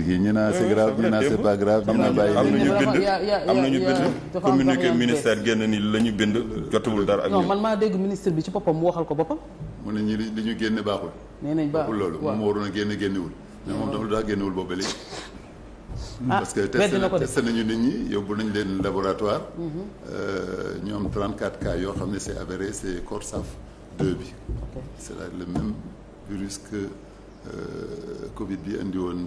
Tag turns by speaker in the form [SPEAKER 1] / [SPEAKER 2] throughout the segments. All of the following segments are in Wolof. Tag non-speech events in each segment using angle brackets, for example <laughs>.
[SPEAKER 1] ñu naan c'est grave ñu naan c'est pas grave ñu naan bàyyi. am na ñu bind am na ñu bind communiqué ministère génn ni la ñu bind jotagul dara. ak ñoom man maa dégg ministre bi ci boppam mu waxal ko boppam. mu ne ñi li ñu génne baaxul. nee nañ waroon a génne génnewul. mais moom dafa daa génnewul boobu léegi. Ah, parce que mm-hmm. euh, cas yoo xam ne c'est avéré c'est Corsaf 2 bi. c'est le même virus Euh, Covid bi indi woon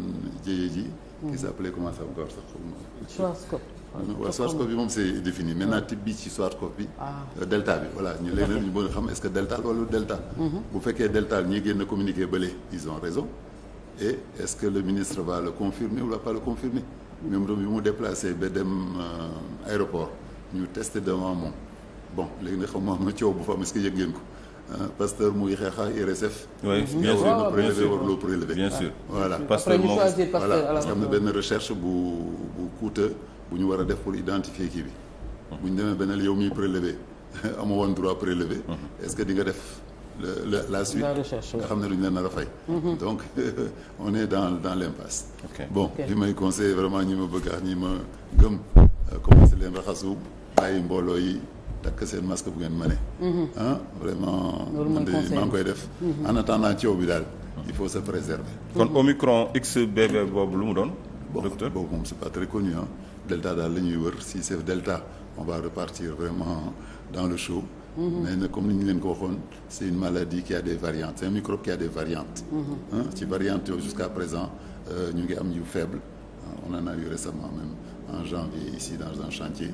[SPEAKER 1] jëye ji. qui s'appelait comment ça encore sax xaw ma. SARS-CoV. waaw SARS-CoV bi moom c'est défini maintenant type bi ci SARS-CoV bi. Ah. Euh, delta bi voilà ñu léegi nag ñu a xam est-ce que delta wala delta. Mhm. bu fekkee delta ñi génn communiqué bële ils on raison et est que le ministre va le confirmer ou va pas le confirmer. même doom bi mu déplacé ba dem euh, aéroport ñu testé devant moom bon léegi nag xam ma am na coow bu fa am yëg ngeen ko. Pasteur muy xeexaa IRSF. oui bien sûr na prélevé warloo prélevé. bien sûr voilà Pasteur moo voilà parce que am na benn recherche bu bu coûteux bu ñu war a def pour identifier kii bi. Mhm. bu ñu demee beneen yow miy prélevé <laughs> amoo woon droit prélevé. Mhm. est-ce que di nga def. la la suite nga xam ne lu ñu leen nar fay. Mhm. donc <laughs> on est dans dans l'impasse. Okay. bon li okay. may conseiller vraiment ñi ma bëgg ax ñi ma gëm euh, commencé leen raxasu bàyyi mbooloo yi. takk seen masque bu ngeen mënee. Mhm. ah vraiment. loolu mooy conseil koy def. Mhm. en attendant coow bi daal il faut se préserver. kon Omicron XBB boobu lu mu doon. docteur boobu moom c'est pas très connu ah. delta daal la ñuy wër si c'est delta on va repartir vraiment dans le show. Mhm. mais nag comme ni ñu leen ko waxoon c'est une maladie qui a des variantes c'est un microbe qui a des variantes. ci variantes yooyu jusqu'à présent euh, ñu ngi am yu faible on en a eu en janvier ici dans un chantier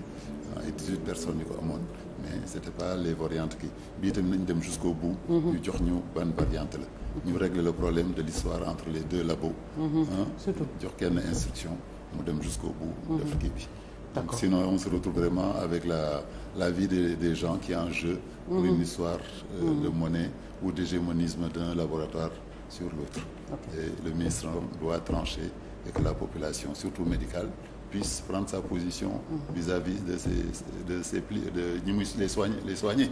[SPEAKER 1] ay 18 personnes yu ko amoon mais c' était pas les variantes qui bii tamit nañ dem jusqu'au bout mhm. ñu jox ñu ban variante la ñu régler le problème de l'histoire entre les deux labos mhm. surtout jox kenn instruction mu dem jusqu'au bout mhm. def liggéey bi donc sinon on se retrouve vraiment avec la la vie des des gens qui est en jeu pour une histoire euh, de monnaie ou d'hégémonisme d'un laboratoire sur l'autre okay. et le ministre doit trancher et que la population surtout médicale puisse prendre sa position vis-à-vis de ces de ces pli de ñi muy les soigner les soigner